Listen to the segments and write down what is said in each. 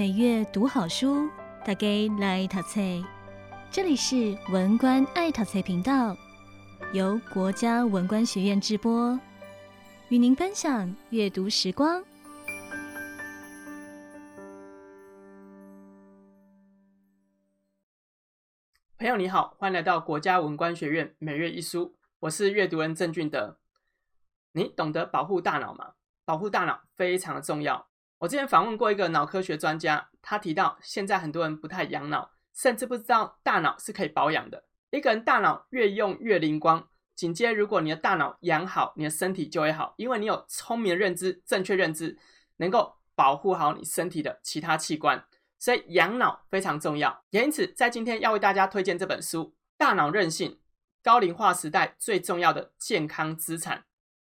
每月讀好書，大家來讀冊。這裡是文官愛讀冊頻道，由國家文官學院製播，與您分享閱讀時光。朋友你好，歡迎來到國家文官學院每月一書，我是閱讀人鄭俊德。你懂得保護大腦嗎？保護大腦非常重要。我之前訪問過一個腦科學專家，他提到現在很多人不太養腦，甚至不知道大腦是可以保養的。一個人大腦越用越靈光，緊接如果你的大腦養好，你的身體就會好，因為你有聰明的認知、正確認知，能夠保護好你身體的其他器官。所以養腦非常重要，也因此在今天要為大家推薦這本書《大腦韌性：高齡化時代最重要的健康資產》。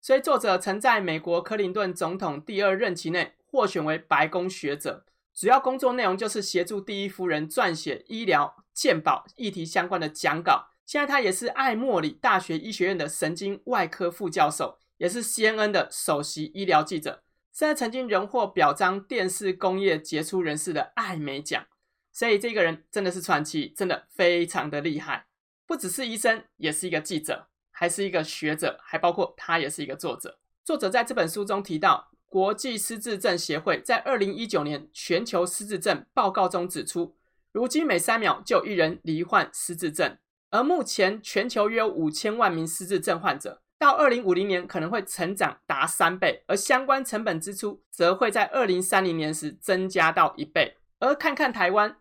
所以作者曾在美國柯林頓總統第二任期內，獲選為白宮學者，主要工作內容就是協助第一夫人撰寫醫療健保議題相關的講稿。現在他也是艾莫里大學醫學院的神經外科副教授，也是 CNN 的首席醫療記者。現在曾經榮獲表彰電視工業傑出人士的艾美獎，所以這個人真的是傳奇，真的非常的厲害。不只是醫生，也是一個記者，還是一個學者，還包括他也是一個作者。作者在這本書中提到。國際失智症協會在二零一九年全球失智症報告中指出，如今每三秒就有一人罹患失智症，而目前全球約有五千萬名失智症患者，到二零五零年可能會成長達三倍，而相關成本支出則會在二零三零年時增加到一倍。而看看台灣，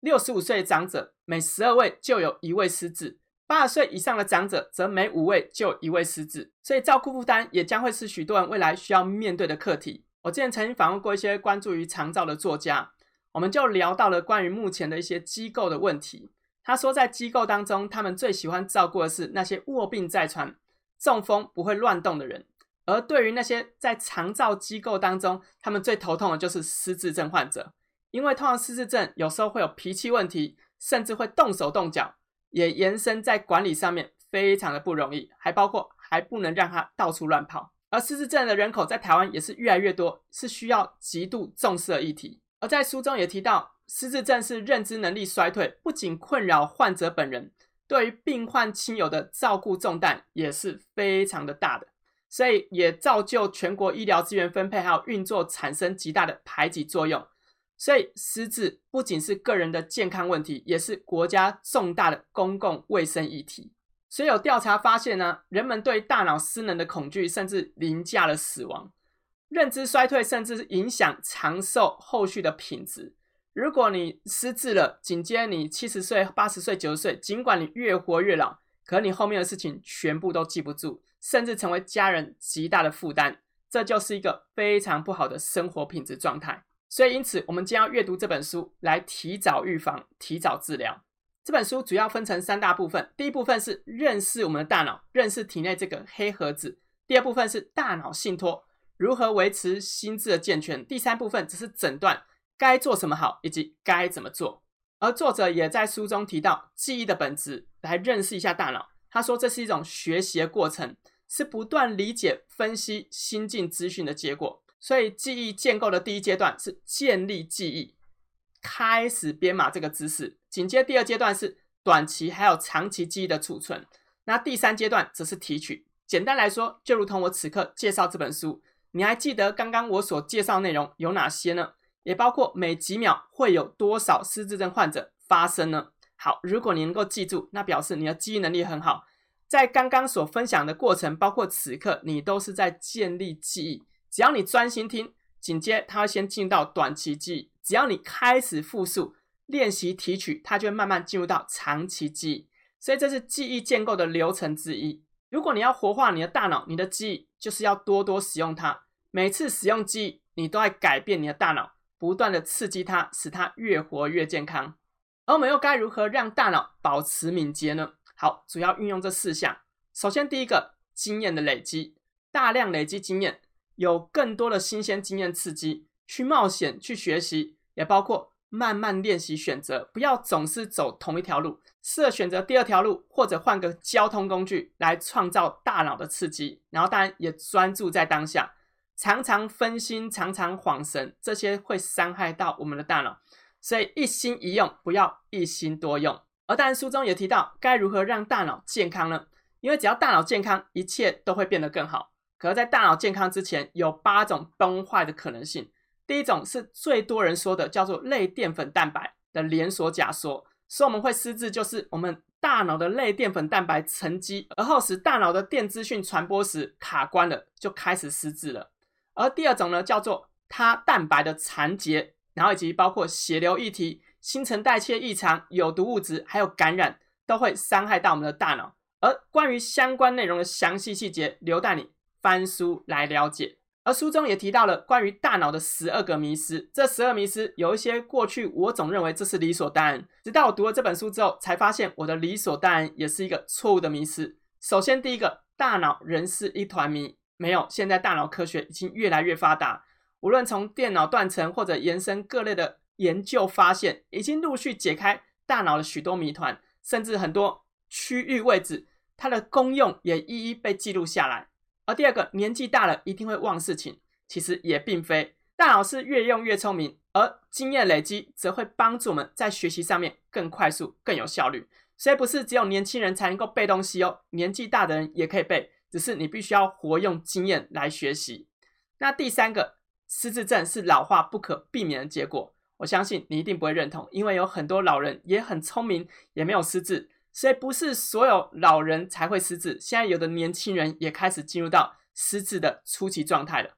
六十五歲長者每十二位就有一位失智。八十歲以上的長者，則每五位就一位失智，所以照顧負擔也將會是許多人未來需要面對的課題。我之前曾經訪問過一些關注於長照的作家，我們就聊到了關於目前的一些機構的問題。他說，在機構當中，他們最喜歡照顧的是那些臥病在床、中風不會亂動的人；而對於那些在長照機構當中，他們最頭痛的就是失智症患者，因為通常失智症有時候會有脾氣問題，甚至會動手動腳。也延伸在管理上面，非常的不容易，還包括還不能讓他到處亂跑。而失智症的人口在台灣也是越來越多，是需要極度重視的議題。而在書中也提到，失智症是認知能力衰退，不僅困擾患者本人，對於病患親友的照顧重擔也是非常的大的，所以也造就全國醫療資源分配還有運作產生極大的排擠作用。所以失智不僅是個人的健康問題，也是國家重大的公共衛生議題。所以有調查發現呢，人們對大腦失能的恐懼甚至凌駕了死亡。認知衰退甚至影響長壽後續的品質。如果你失智了，緊接着你七十歲、八十歲、九十歲，儘管你越活越老，可你後面的事情全部都記不住，甚至成為家人極大的負擔。這就是一個非常不好的生活品質狀態。所以，因此，我們將要閱讀這本書來提早預防、提早治療。這本書主要分成三大部分：第一部分是認識我們的大腦，認識體內這個黑盒子；第二部分是大腦信託，如何維持心智的健全；第三部分則是診斷該做什麼好以及該怎麼做。而作者也在書中提到記憶的本質，來認識一下大腦。他說，這是一種學習的過程，是不斷理解、分析新進資訊的結果。所以記憶建構的第一階段是建立記憶，開始編碼這個知識。緊接第二階段是短期還有長期記憶的儲存。那第三階段則是提取。簡單來說，就如同我此刻介紹這本書，你還記得剛剛我所介紹內容有哪些呢？也包括每幾秒會有多少失智症患者發生呢？好，如果你能夠記住，那表示你的記憶能力很好。在剛剛所分享的過程，包括此刻，你都是在建立記憶。只要你專心聽，緊接它會先進入到短期記憶。只要你開始複述、練習、提取，它就會慢慢進入到長期記憶。所以這是記憶建構的流程之一。如果你要活化你的大腦，你的記憶就是要多多使用它。每次使用記憶，你都在改變你的大腦，不斷的刺激它，使它越活越健康。而我們又該如何讓大腦保持敏捷呢？好，主要運用這四項。首先，第一個經驗的累積，大量累積經驗。有更多的新鮮經驗刺激，去冒險，去學習，也包括慢慢練習選擇，不要總是走同一條路，試着選擇第二條路，或者換個交通工具來創造大腦的刺激。然後當然也專注在當下，常常分心，常常恍神，這些會傷害到我們的大腦。所以一心一用，不要一心多用。而當然，書中也提到該如何讓大腦健康呢？因為只要大腦健康，一切都會變得更好。而在大腦健康之前，有八種崩壞的可能性。第一種是最多人說的，叫做類澱粉蛋白的連鎖假說，說我們會失智，就是我們大腦的類澱粉蛋白沉積，而後使大腦的電資訊傳播時卡關了，就開始失智了。而第二種呢，叫做 tau 蛋白的纏結，然後以及包括血流議題、新陳代謝異常、有毒物質還有感染，都會傷害到我們的大腦。而關於相關內容的詳細細節，留待你。翻書來了解，而書中也提到了關於大腦的十二個迷思。這十二迷思有一些過去我總認為這是理所當然，直到我讀了這本書之後，才發現我的理所當然也是一個錯誤的迷思。首先，第一個，大腦仍是一團謎，沒有。現在大腦科學已經越來越發達，無論從電腦斷層或者延伸各類的研究發現，已經陸續解開大腦的許多謎團，甚至很多區域位置它的功用也一一被記錄下來。而第二個，年紀大了一定會忘事情，其實也並非，大腦是越用越聰明，而經驗累積則會幫助我們在學習上面更快速、更有效率。所以不是只有年輕人才能夠背東西哦，年紀大的人也可以背，只是你必須要活用經驗來學習。那第三個，失智症是老化不可避免的結果，我相信你一定不會認同，因為有很多老人也很聰明，也沒有失智。所以不是所有老人才會失智。現在有的年輕人也開始進入到失智的初期狀態了。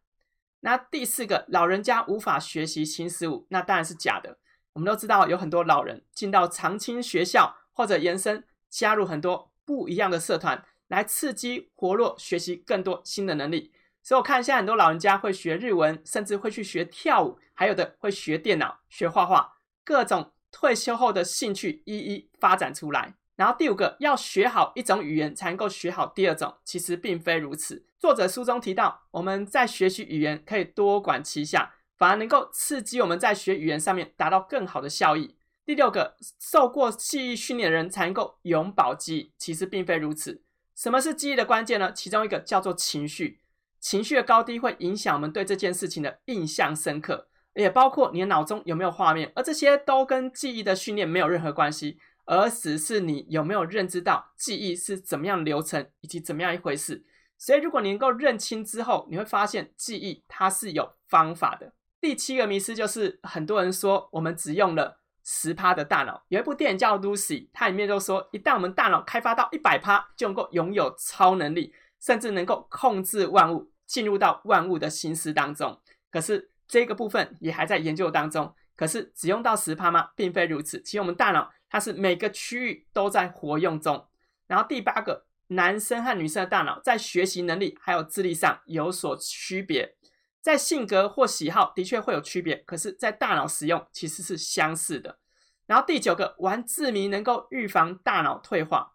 那第四個，老人家無法學習新事物，那當然是假的。我們都知道有很多老人進到常青學校，或者延伸加入很多不一樣的社團，來刺激活絡，學習更多新的能力。所以我看現在很多老人家會學日文，甚至會去學跳舞，還有的會學電腦、學畫畫，各種退休後的興趣一一發展出來。然後第五個，要學好一種語言才能夠學好第二種，其實並非如此。作者書中提到，我們在學習語言可以多管齊下，反而能夠刺激我們在學語言上面達到更好的效益。第六個，受過記憶訓練的人才能夠永葆記憶，其實並非如此。什麼是記憶的關鍵呢？其中一個叫做情緒，情緒的高低會影響我們對這件事情的印象深刻，也包括你的腦中有沒有畫面，而這些都跟記憶的訓練沒有任何關係。而只是你有沒有認知到記憶是怎麼樣流程以及怎麼樣一回事？所以如果你能夠認清之後，你會發現記憶它是有方法的。第七個迷思就是很多人說我們只用了十趴的大腦，有一部電影叫《Lucy》，它裡面都說一旦我們大腦開發到一百趴，就能夠擁有超能力，甚至能夠控制萬物，進入到萬物的心思當中。可是這個部分也還在研究當中。可是只用到十趴嗎？並非如此。其實我們大腦它是每個區域都在活用中，然後第八個，男生和女生的大腦在學習能力還有智力上有所區別，在性格或喜好的確會有區別，可是，在大腦使用其實是相似的。然後第九個，玩字謎能夠預防大腦退化，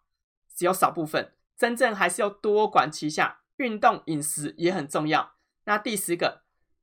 只有少部分，真正還是要多管齊下，運動、飲食也很重要。那第十個，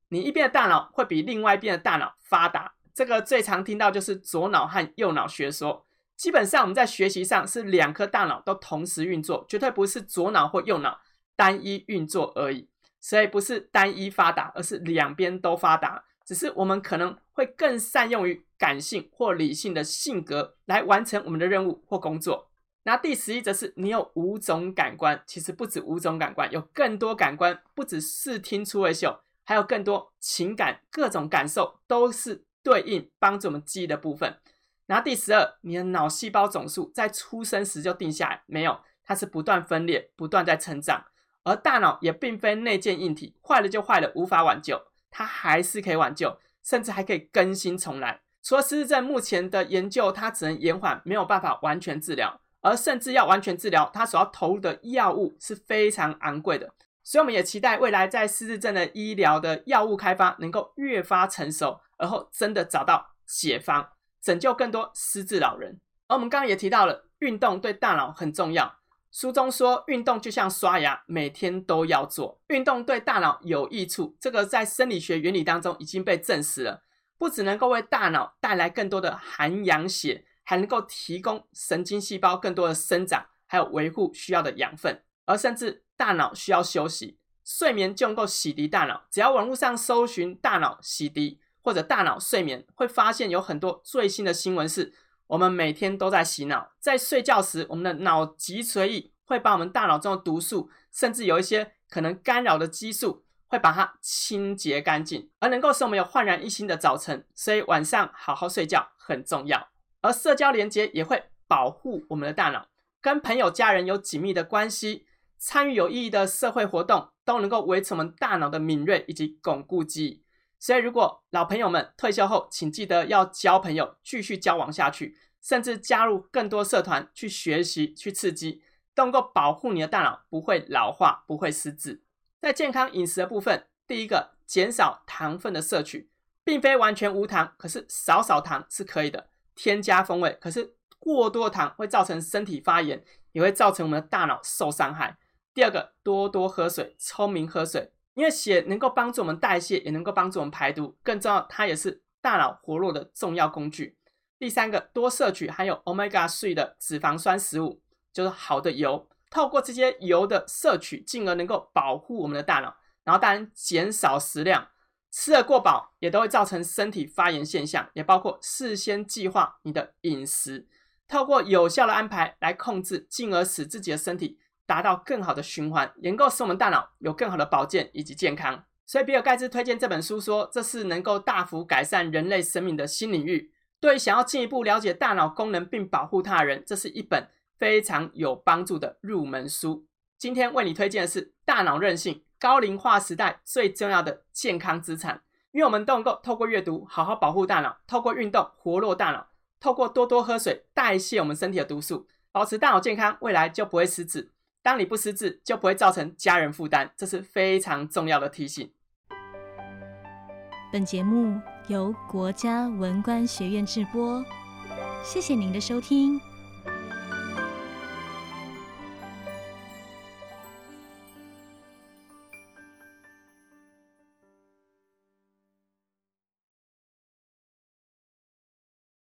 你一邊的大腦會比另外一邊的大腦發達。這個最常聽到就是左腦和右腦學說。基本上我們在學習上是兩顆大腦都同時運作，絕對不是左腦或右腦單一運作而已。所以不是單一發達，而是兩邊都發達。只是我們可能會更善用於感性或理性的性格來完成我們的任務或工作。那第十一則是你有五種感官，其實不止五種感官，有更多感官，不止視聽觸味嗅，還有更多情感、各種感受都是。對應幫助我們記憶的部分。然後第十二，你的腦細胞總數在出生時就定下來，沒有，它是不斷分裂，不斷在成長。而大腦也並非內建硬體，壞了就壞了，無法挽救。它還是可以挽救，甚至還可以更新重來。除了失智症目前的研究，它只能延緩，沒有辦法完全治療。而甚至要完全治療，它所要投入的藥物是非常昂貴的。所以我們也期待未來在失智症的醫療的藥物開發能夠越發成熟。而後真的找到解方，拯救更多失智老人。而我們剛剛也提到了，運動對大腦很重要。書中說，運動就像刷牙，每天都要做。運動對大腦有益處，這個在生理學原理當中已經被證實了。不只能夠為大腦帶來更多的含氧血，還能夠提供神經細胞更多的生長，還有維護需要的養分。而甚至大腦需要休息，睡眠就能夠洗滌大腦。只要網絡上搜尋“大腦洗滌”。或者大腦睡眠會發現有很多最新的新聞是，是我們每天都在洗腦。在睡覺時，我們的腦脊髓液會把我們大腦中的毒素，甚至有一些可能干擾的激素，會把它清潔乾淨，而能夠使我們有煥然一新的早晨。所以晚上好好睡覺很重要。而社交連接也會保護我們的大腦，跟朋友、家人有緊密的關係，參與有意義的社會活動，都能夠維持我們大腦的敏銳以及鞏固記憶。所以，如果老朋友們退休後，請記得要交朋友，繼續交往下去，甚至加入更多社團去學習、去刺激，都能夠保護你的大腦不會老化、不會失智。在健康飲食的部分，第一個，減少糖分的攝取，並非完全無糖，可是少少糖是可以的，添加風味。可是過多糖會造成身體發炎，也會造成我們的大腦受傷害。第二個，多多喝水，聰明喝水。因為血能夠幫助我們代謝，也能夠幫助我們排毒，更重要，它也是大腦活絡的重要工具。第三個，多攝取含有 Omega-3 的脂肪酸食物，就是好的油，透過這些油的攝取，進而能夠保護我們的大腦。然後當然減少食量，吃得過飽也都會造成身體發炎現象，也包括事先計劃你的飲食，透過有效的安排來控制，進而使自己的身體。達到更好的循環，也能夠使我們大腦有更好的保健以及健康。所以，比爾·蓋茨推薦這本書說，說這是能夠大幅改善人類生命的新領域。對於想要進一步了解大腦功能並保護它的人，這是一本非常有幫助的入門書。今天為你推薦的是《大腦韌性》，高齡化時代最重要的健康資產。因為我們都能夠透過閱讀好好保護大腦，透過運動活絡大腦，透過多多喝水代謝我們身體的毒素，保持大腦健康，未來就不會失智。當你不失智，就不會造成家人負擔，這是非常重要的提醒。本節目由國家文官學院製播，謝謝您的收聽。